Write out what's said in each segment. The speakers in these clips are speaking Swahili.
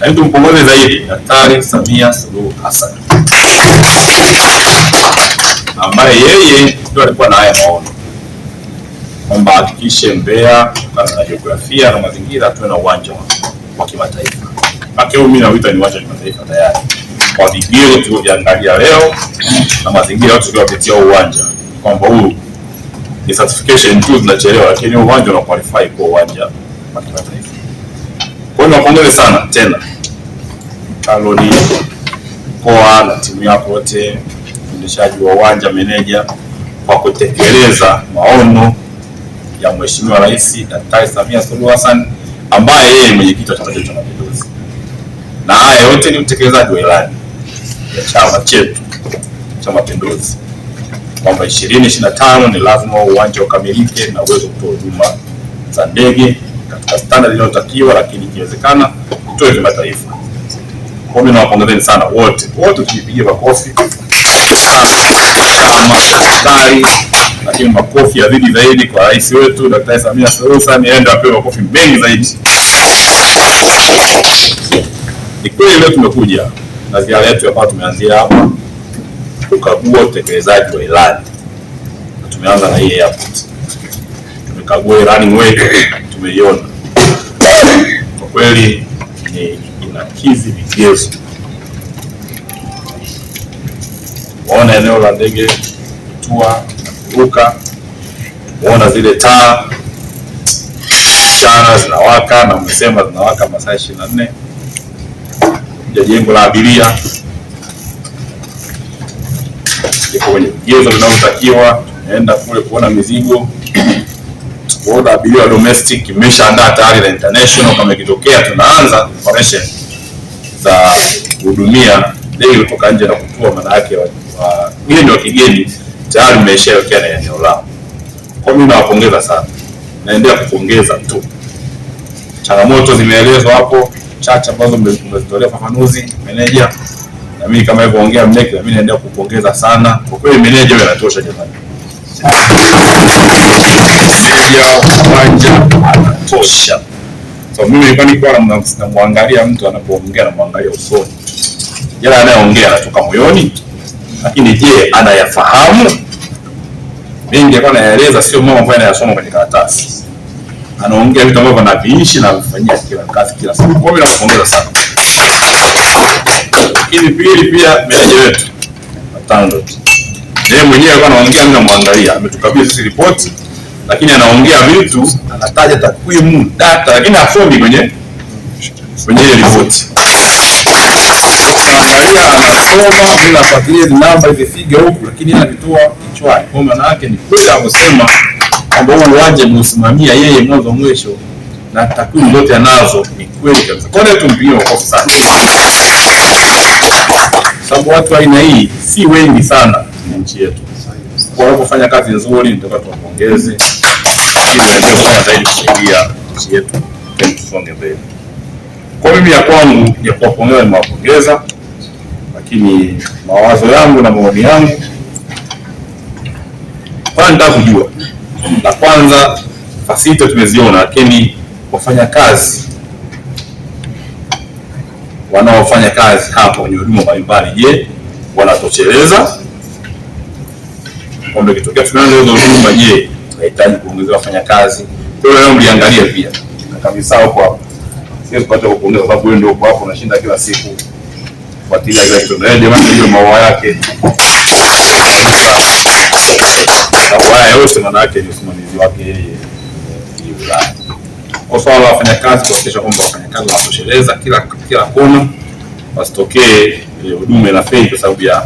na mtu mkongwe zaidi Daktari Samia Suluhu Hassan ambaye yeye ndio alikuwa na haya maono kwamba hakikishe Mbeya kutokana na jiografia na mazingira tuwe na uwanja wa kimataifa. Mpaka mimi nauita ni uwanja wa kimataifa tayari kwa vigezo tulivyoangalia leo na mazingira yote tuliyopitia uwanja, kwamba huu ni certification tu zinachelewa, lakini uwanja una qualify kwa uwanja wa kimataifa. Kwa hiyo niwapongeze sana tena TANROADS mkoa na timu yako yote, mwendeshaji wa uwanja, meneja, kwa kutekeleza maono ya Mheshimiwa Rais Daktari Samia Suluhu Hassan ambaye yeye mwenyekiti wa Chama cha Mapinduzi, na haya yote ni utekelezaji wa ilani ya chama chetu cha Mapinduzi kwamba 2025 ni lazima uwanja ukamilike na uweze kutoa huduma za ndege katika standard inayotakiwa, lakini ikiwezekana itoe kimataifa. Kwa hiyo nawapongezeni sana wote wote, tujipigie makofi kama daktari, lakini makofi yazidi zaidi kwa rais wetu Daktari Samia Suluhu Hassan, aende apewe makofi mengi zaidi. Ni kweli leo tumekuja na ziara yetu hapa, tumeanzia hapa kukagua utekelezaji wa ilani, na tumeanza na hii airport. Tumekagua running way tumeiona kwa kweli ni inakidhi vigezo. Tumeona eneo la ndege kutua na kuruka, tumeona zile taa mchana zinawaka na umesema zinawaka masaa ishirini na nne ja jengo la abiria iko kwenye vigezo vinavyotakiwa. Tumeenda kule kuona mizigo kuona abiria wa domestic imeshaandaa tayari na international, kama ikitokea tunaanza operation za kuhudumia ndege kutoka nje na kutua, maana yake wageni ndio kigeni tayari mmeshawekea na eneo lao. Kwa mimi nawapongeza sana, naendelea kupongeza tu. Changamoto zimeelezwa hapo chache ambazo mmezitolea fafanuzi meneja, na mimi kama hivyo ongea mneki, na mimi naendelea kupongeza sana kwa kweli. Meneja wewe anatosha jamani yao uwanja anatosha. So mimi nilikuwa nikuwa namwangalia mtu anapoongea, namwangalia usoni, yale anayeongea anatoka moyoni, lakini je, anayafahamu? Mengi alikuwa anayaeleza, sio mama ambaye anayasoma kwenye karatasi. Anaongea vitu ambavyo anaviishi na anavifanyia kila kazi, kila siku. Kwa hiyo nampongeza sana. Lakini pili, pia meneja wetu Tandot, yeye mwenyewe alikuwa anaongea, namwangalia, ametukabidhi sisi ripoti lakini anaongea vitu, anataja takwimu, data, lakini hasomi kwenye kwenye ile ripoti. Anaangalia, anasoma, mimi nafuatilia namba hizi imefiga huku, lakini anatoa kichwani. Kwa maana yake ni kweli anasema kwamba huu uwanja ameusimamia yeye mwanzo mwisho na takwimu zote anazo, ni kweli kabisa. Kwa nini tumpigie makofi sana? Sababu watu aina hii si wengi sana nchi yetu, wanapofanya kazi nzuri ndio tuwapongeze zinazofaa tusonge mbele. Kwa mimi ya kwangu ya kuwapongeza ni mawapongeza, lakini mawazo yangu na maoni yangu kwanza, nataka kujua la kwanza, fasito tumeziona, lakini wafanya kazi wanaofanya kazi hapa kwenye huduma mbalimbali, je, wanatosheleza? Kwamba ikitokea tunaanza hizo huduma, je tunahitaji kuongeza wafanyakazi. Kwa hiyo mliangalia pia kabisa hapo hapo, sio kupata kuongeza sababu wewe ndio uko hapo unashinda kila siku kufuatilia kila kitu, Ndio jamani, hiyo maua yake maua yote, maana yake ni usimamizi wake yeye Kwa swala la wafanyakazi, kuhakikisha kwamba wafanyakazi wanatosheleza kila kila kona, wasitokee eh, huduma na inafeli kwa sababu ya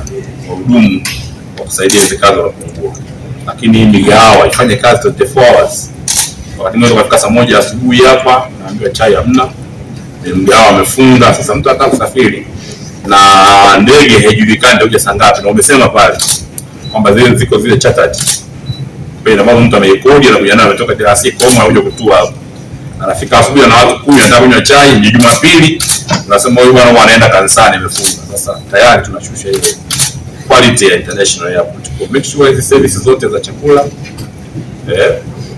wahudumu wa kusaidia hizi kazi wanapungua lakini niligawa ifanye kazi 24 hours. Wakati mwingine tukafika saa moja asubuhi hapa, naambiwa chai hamna, mgawa amefunga. Sasa mtu ataka kusafiri na ndege haijulikani itakuja saa ngapi, na umesema pale kwamba zile ziko zile chartered pale ambazo mtu ameikodi na kuja nayo ametoka kila siku au anakuja kutua hapo, anafika asubuhi na watu kumi, anataka kunywa chai, ni Jumapili, unasema huyu bwana anaenda kanisani amefunga. Sasa tayari tunashusha hiyo quality ya international airport. Kwa make sure hizi services zote za chakula eh,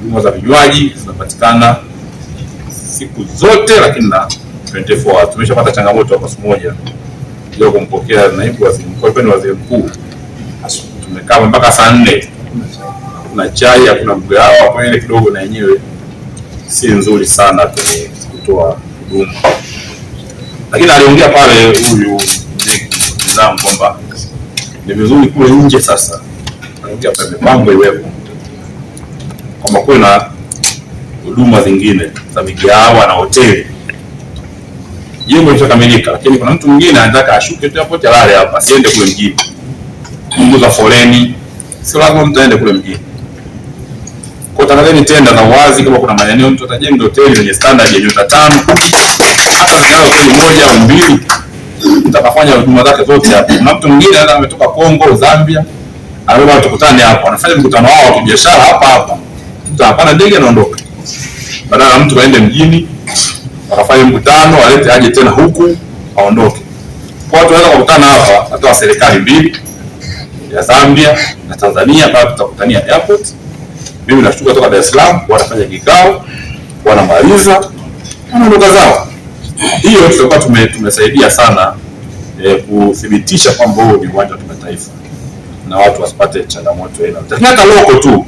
huduma za vinywaji zinapatikana siku zote, lakini na 24 Tumeshapata changamoto hapa siku moja leo kumpokea naibu waziri mkuu peni waziri mkuu, tumekaa mpaka saa nne, hakuna chai, hakuna mgahawa. Kwa ile kidogo na yenyewe si nzuri sana kwenye kutoa huduma, lakini aliongea pale huyu mzee kwamba ni vizuri kule nje sasa mipango iwepo kwamba kuwe na huduma zingine za migahawa na hoteli. Jengo lishakamilika, lakini kuna mtu mwingine anataka ashuke tu hapo alale hapa, asiende kule mjini, punguza foleni. Sio lazima mtu aende kule mjini. Kwa tangazeni tenda na wazi, kama kuna maeneo mtu atajenga hoteli yenye standard ya nyota tano, hata zingine hoteli moja au mbili mtakafanya huduma zake zote hapa. Na mtu mwingine anaweza ametoka Kongo, Zambia, anabeba tukutane hapa, anafanya mkutano wao wa kibiashara hapa hapa, mtu anapanda ndege anaondoka, badala ya mtu aende mjini akafanya mkutano alete aje tena huku aondoke. Kwa watu wanaweza kukutana hapa, hata serikali mbili ya Zambia na Tanzania, baada tutakutania airport. Mimi nashuka kutoka Dar es Salaam, wanafanya kikao, wanamaliza, wanaondoka zao. Hiyo tutakuwa tumesaidia sana eh, kuthibitisha kwamba huo ni uwanja wa kimataifa na watu wasipate changamoto ile. Lakini hata loko tu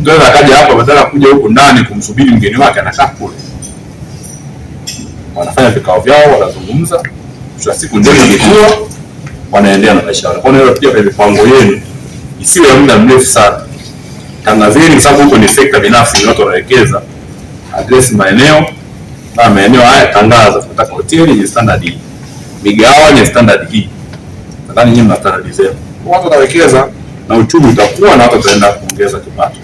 ndio akaja hapa, badala ya kuja huko ndani kumsubiri mgeni wake, anakaa kule, wanafanya vikao vyao, wanazungumza kwa siku ndio ilikuwa wanaendelea na maisha yao. Kwa hiyo pia kwa mipango yenu isiwe ya muda mrefu sana, tangazeni, sababu huko ni sekta binafsi, watu wanawekeza. Address maeneo na maeneo haya, tangaza tunataka hoteli yenye standard hii migawanye standard hii, nadhani nyinyi mna standard zenu, watu watawekeza na uchumi utakuwa na watu wataenda kuongeza kipato.